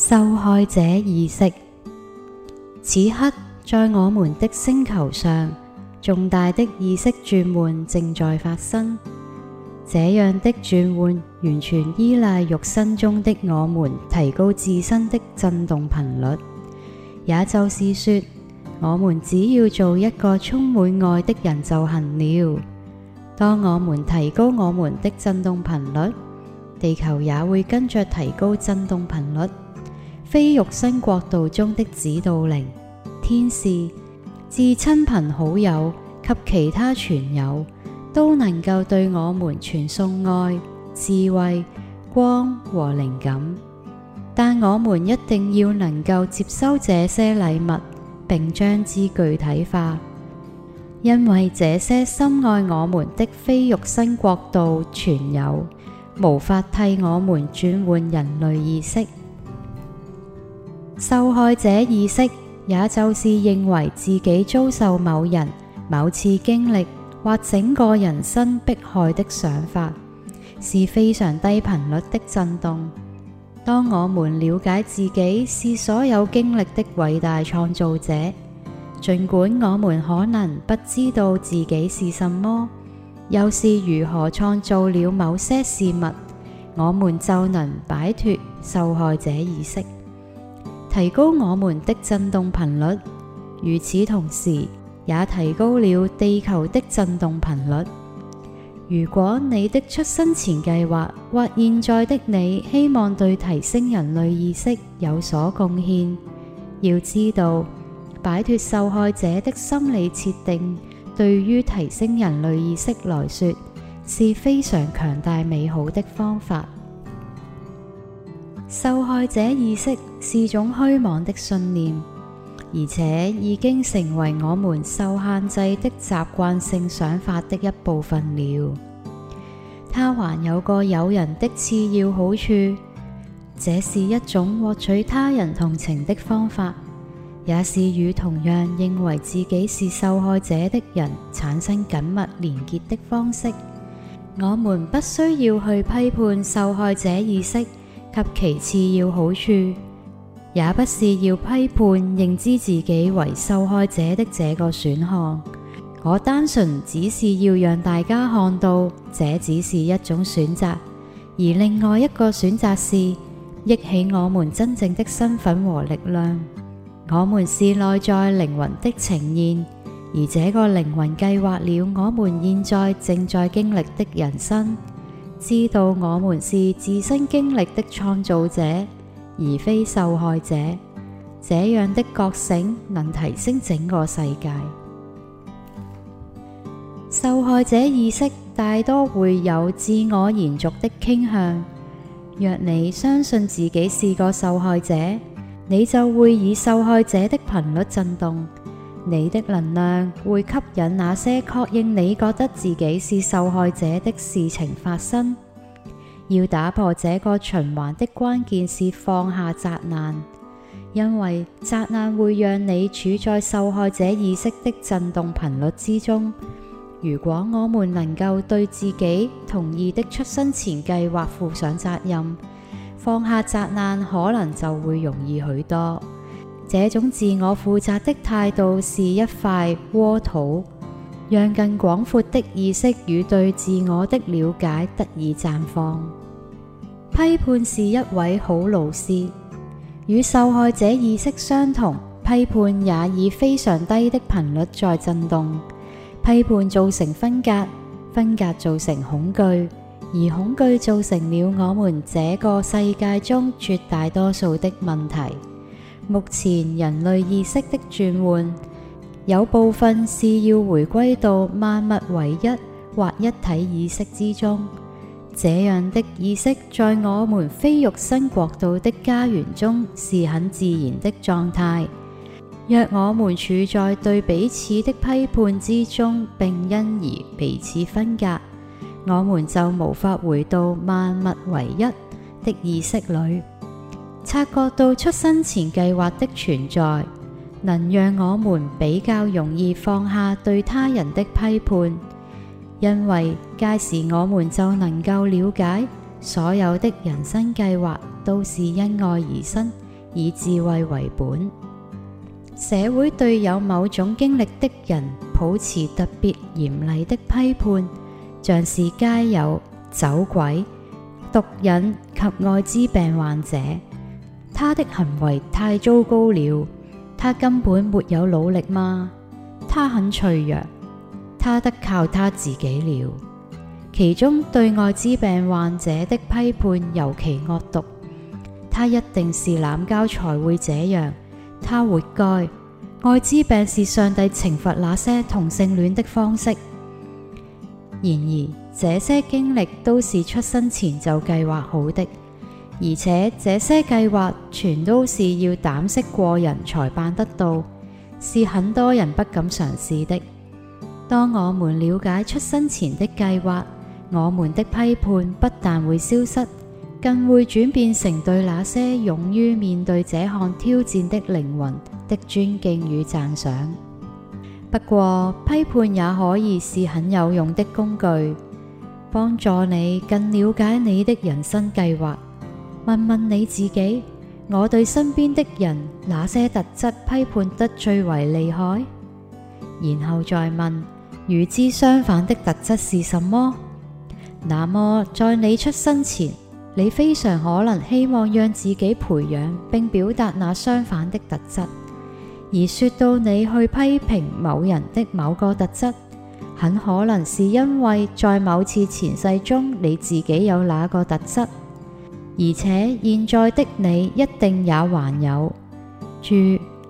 受害者意識。此刻在我們的星球上，重大的意識轉換正在發生。這樣的轉換完全依賴肉身中的我們提高自身的振動頻率，也就是說，我們只要做一個充滿愛的人就行了。當我們提高我們的振動頻率，地球也會跟着提高振動頻率。非肉身國度中的指導靈、天使、至親朋好友及其他全友都能夠對我們傳送愛、智慧、光和靈感，但我們一定要能夠接收這些禮物，並將之具體化，因為這些深愛我們的非肉身國度全友無法替我們轉換人類意識。受害者意識，也就是認為自己遭受某人、某次經歷或整個人生迫害的想法，是非常低頻率的震動。當我們了解自己是所有經歷的偉大創造者，儘管我們可能不知道自己是什麼，又是如何創造了某些事物，我們就能擺脱受害者意識。提高我們的震動頻率，與此同時也提高了地球的震動頻率。如果你的出生前計劃或現在的你希望對提升人類意識有所貢獻，要知道擺脫受害者的心理設定，對於提升人類意識來說是非常強大美好的方法。受害者意識是種虛妄的信念，而且已經成為我們受限制的習慣性想法的一部分了。它還有個誘人的次要好處，這是一種獲取他人同情的方法，也是與同樣認為自己是受害者的人產生緊密連結的方式。我們不需要去批判受害者意識。及其次要好處，也不是要批判認知自己為受害者的這個選項。我單純只是要讓大家看到，這只是一種選擇。而另外一個選擇是，憶起我們真正的身份和力量。我們是內在靈魂的呈現，而這個靈魂計劃了我們現在正在經歷的人生。知道我們是自身經歷的創造者，而非受害者，這樣的覺醒能提升整個世界。受害者意識大多會有自我延續的傾向。若你相信自己是個受害者，你就會以受害者的頻率震動。你的能量會吸引那些確認你覺得自己是受害者的事情發生。要打破這個循環的關鍵是放下責難，因為責難會讓你處在受害者意識的震動頻率之中。如果我們能夠對自己同意的出生前計劃負上責任，放下責難可能就會容易許多。這種自我負責的態度是一塊沃土，讓更廣闊的意識與對自我的瞭解得以綻放。批判是一位好老師，與受害者意識相同，批判也以非常低的頻率在震動。批判造成分隔，分隔造成恐懼，而恐懼造成了我們這個世界中絕大多數的問題。目前人類意識的轉換，有部分是要回歸到萬物為一或一體意識之中。這樣的意識在我們非肉身國度的家園中是很自然的狀態。若我們處在對彼此的批判之中，並因而彼此分隔，我們就無法回到萬物為一的意識裏。察覺到出生前計劃的存在，能讓我們比較容易放下對他人的批判，因為屆時我們就能夠了解，所有的人生計劃都是因愛而生，以智慧為本。社會對有某種經歷的人抱持特別嚴厲的批判，像是街友、酒鬼、毒癮及艾滋病患者。他的行為太糟糕了，他根本沒有努力嗎？他很脆弱，他得靠他自己了。其中對艾滋病患者的批判尤其惡毒，他一定是濫交才會這樣，他活該。艾滋病是上帝懲罰那些同性戀的方式。然而，這些經歷都是出生前就計劃好的。而且這些計劃全都是要膽識過人，才辦得到，是很多人不敢嘗試的。當我們了解出生前的計劃，我們的批判不但會消失，更會轉變成對那些勇於面對這項挑戰的靈魂的尊敬與讚賞。不過，批判也可以是很有用的工具，幫助你更了解你的人生計劃。問問你自己，我對身邊的人哪些特質批判得最為厲害？然後再問，與之相反的特質是什麼？那麼，在你出生前，你非常可能希望讓自己培養並表達那相反的特質。而說到你去批評某人的某個特質，很可能是因為在某次前世中你自己有那個特質。而且現在的你一定也還有，住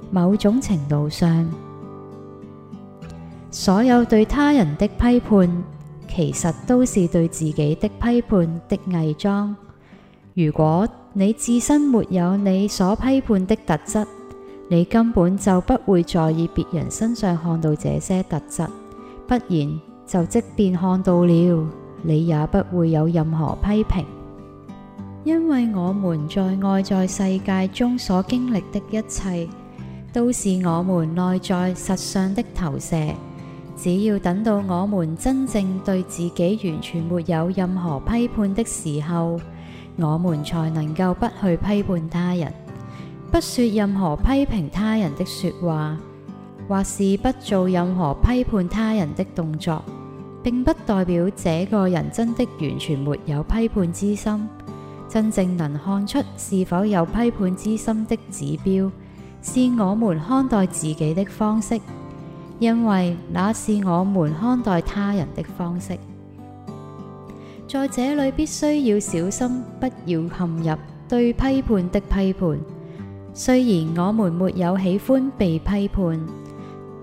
某種程度上，所有對他人的批判其實都是對自己的批判的偽裝。如果你自身沒有你所批判的特質，你根本就不會在意別人身上看到這些特質，不然就即便看到了，你也不會有任何批評。因為我們在外在世界中所經歷的一切，都是我們內在實相的投射。只要等到我們真正對自己完全沒有任何批判的時候，我們才能夠不去批判他人，不說任何批評他人的說話，或是不做任何批判他人的動作，並不代表這個人真的完全沒有批判之心。真正能看出是否有批判之心的指標，是我們看待自己的方式，因為那是我們看待他人的方式。在這裏必須要小心，不要陷入對批判的批判。雖然我們沒有喜歡被批判，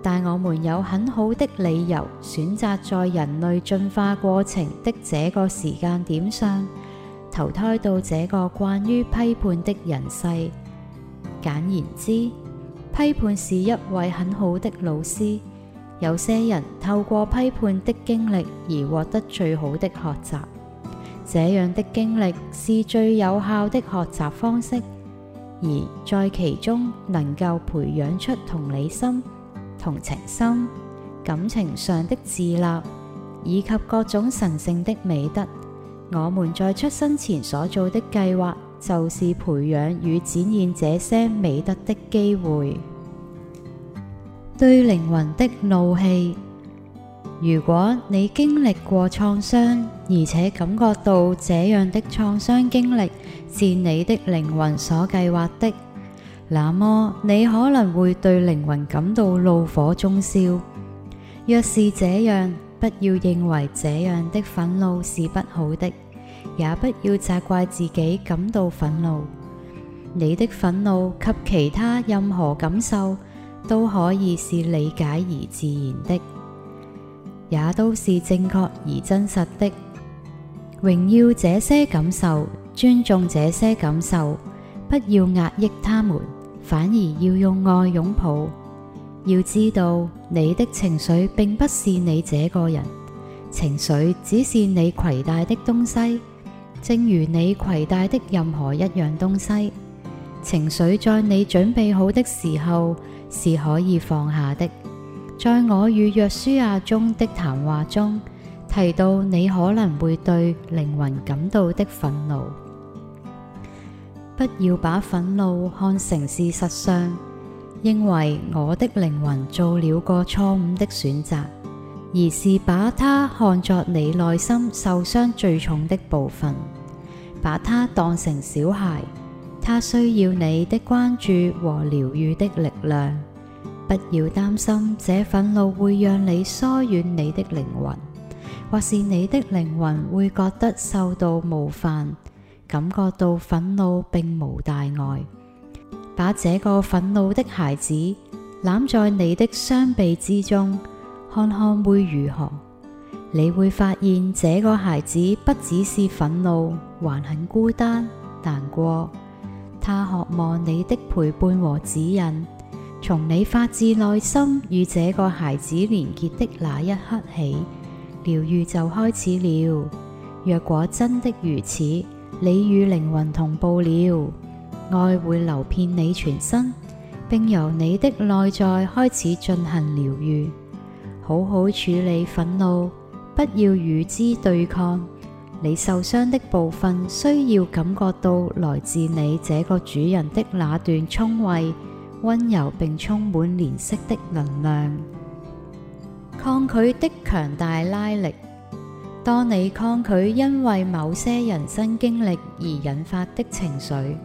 但我們有很好的理由選擇在人類進化過程的這個時間點上。投胎到這個關於批判的人世，簡言之，批判是一位很好的老師。有些人透過批判的經歷而獲得最好的學習，這樣的經歷是最有效的學習方式，而在其中能夠培養出同理心、同情心、感情上的自立，以及各種神聖的美德。我們在出生前所做的計劃，就是培養與展現這些美德的機會。對靈魂的怒氣，如果你經歷過創傷，而且感覺到這樣的創傷經歷是你的靈魂所計劃的，那麼你可能會對靈魂感到怒火中燒。若是這樣，不要認為這樣的憤怒是不好的，也不要責怪自己感到憤怒。你的憤怒及其他任何感受都可以是理解而自然的，也都是正確而真實的。榮耀這些感受，尊重這些感受，不要壓抑他們，反而要用愛擁抱。要知道，你的情緒並不是你這個人，情緒只是你攜帶的東西，正如你攜帶的任何一樣東西。情緒在你準備好的時候是可以放下的。在我與約書亞中的談話中提到，你可能會對靈魂感到的憤怒，不要把憤怒看成事實上。認為我的靈魂做了個錯誤的選擇，而是把它看作你內心受傷最重的部分，把它當成小孩，他需要你的關注和療愈的力量。不要擔心這份憤怒會讓你疏遠你的靈魂，或是你的靈魂會覺得受到冒犯，感覺到憤怒並無大礙。把這個憤怒的孩子攬在你的雙臂之中，看看會如何？你會發現這個孩子不只是憤怒，還很孤單、難過。他渴望你的陪伴和指引。從你發自內心與這個孩子連結的那一刻起，療癒就開始了。若果真的如此，你與靈魂同步了。愛會流遍你全身，並由你的內在開始進行療癒。好好處理憤怒，不要與之對抗。你受傷的部分需要感覺到來自你這個主人的那段聰慧、溫柔並充滿憐惜的能量。抗拒的強大拉力，當你抗拒因為某些人生經歷而引發的情緒。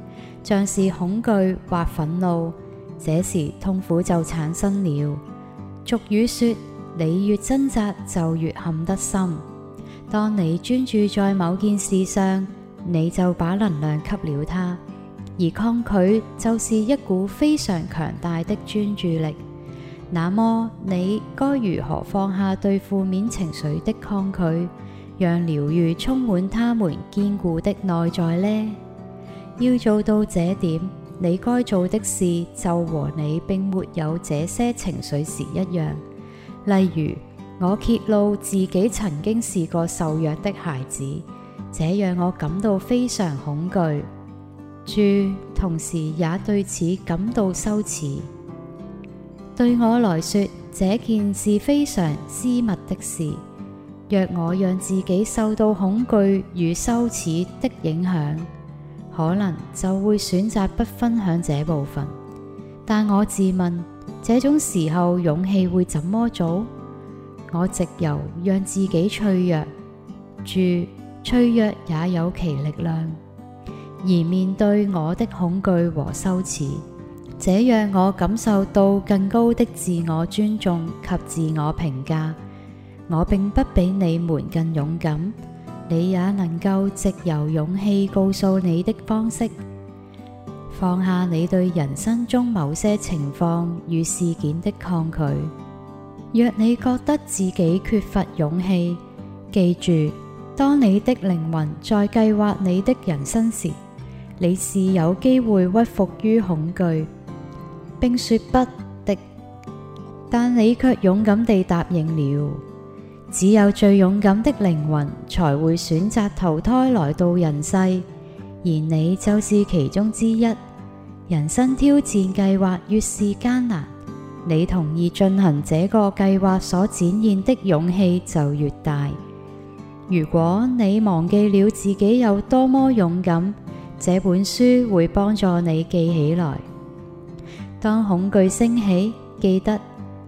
像是恐懼或憤怒，這時痛苦就產生了。俗語說，你越掙扎就越陷得深。當你專注在某件事上，你就把能量給了它；而抗拒就是一股非常強大的專注力。那麼，你該如何放下對負面情緒的抗拒，讓療癒充滿他們堅固的內在呢？要做到這點，你該做的事就和你並沒有這些情緒時一樣。例如，我揭露自己曾經是個受虐的孩子，這讓我感到非常恐懼，注同時也對此感到羞恥。對我來說，這件事非常私密的事。若我讓自己受到恐懼與羞恥的影響，可能就會選擇不分享這部分，但我自問，這種時候勇氣會怎麼做？我藉由讓自己脆弱，注脆弱也有其力量，而面對我的恐懼和羞恥，這讓我感受到更高的自我尊重及自我評價。我並不比你們更勇敢。你也能夠藉由勇氣告訴你的方式，放下你對人生中某些情況與事件的抗拒。若你覺得自己缺乏勇氣，記住，當你的靈魂在計劃你的人生時，你是有機會屈服於恐懼，並說不的，但你卻勇敢地答應了。只有最勇敢的靈魂才會選擇投胎來到人世，而你就是其中之一。人生挑戰計劃越是艱難，你同意進行這個計劃所展現的勇氣就越大。如果你忘記了自己有多麼勇敢，這本書會幫助你記起來。當恐懼升起，記得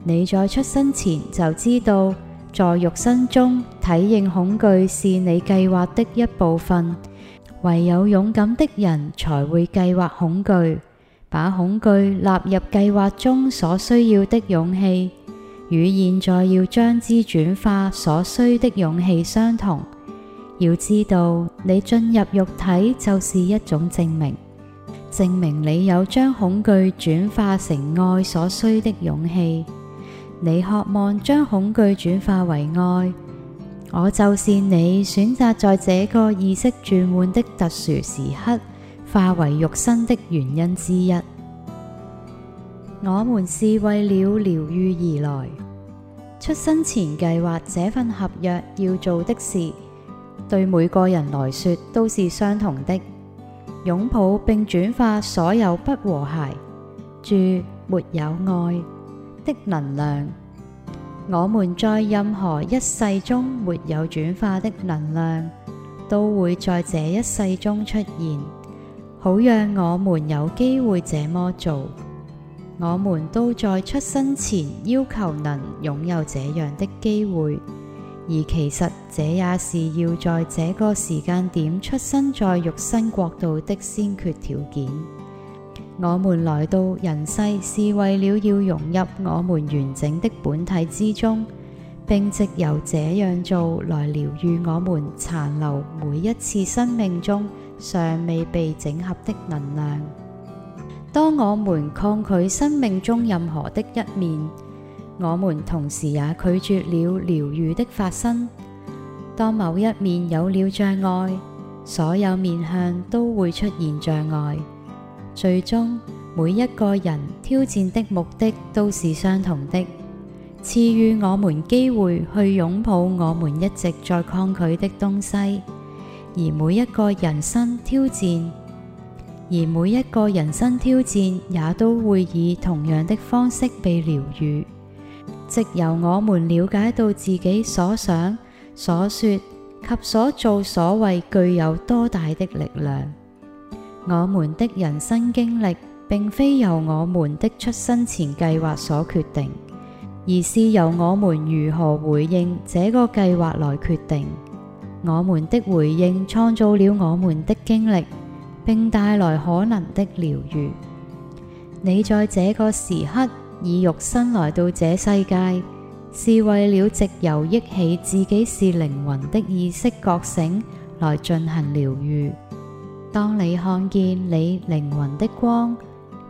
你在出生前就知道。在肉身中體驗恐懼是你計劃的一部分，唯有勇敢的人才會計劃恐懼。把恐懼納入計劃中所需要的勇氣，與現在要將之轉化所需的勇氣相同。要知道，你進入肉體就是一種證明，證明你有將恐懼轉化成愛所需的勇氣。你渴望將恐懼轉化為愛，我就是你選擇在這個意識轉換的特殊時刻化為肉身的原因之一。我們是為了療愈而來。出生前計劃這份合約要做的事，對每個人來說都是相同的：擁抱並轉化所有不和諧。注：沒有愛的能量，我們在任何一世中沒有轉化的能量，都會在這一世中出現，好讓我們有機會這麼做。我們都在出生前要求能擁有這樣的機會，而其實這也是要在這個時間點出生在肉身國度的先決條件。我們來到人世是為了要融入我們完整的本體之中，並藉由這樣做來療癒我們殘留每一次生命中尚未被整合的能量。當我們抗拒生命中任何的一面，我們同時也拒絕了療癒的發生。當某一面有了障礙，所有面向都會出現障礙。最終，每一個人挑戰的目的都是相同的，賜予我們機會去擁抱我們一直在抗拒的東西。而每一個人生挑戰，而每一個人生挑戰也都會以同樣的方式被療愈，藉由我們了解到自己所想、所說及所做所為具有多大的力量。我們的人生經歷並非由我們的出生前計劃所決定，而是由我們如何回應這個計劃來決定。我們的回應創造了我們的經歷，並帶來可能的療癒。你在這個時刻以肉身來到這世界，是為了藉由憶起自己是靈魂的意識覺醒來進行療癒。當你看見你靈魂的光，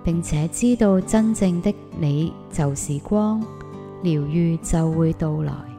並且知道真正的你就是光，療癒就會到來。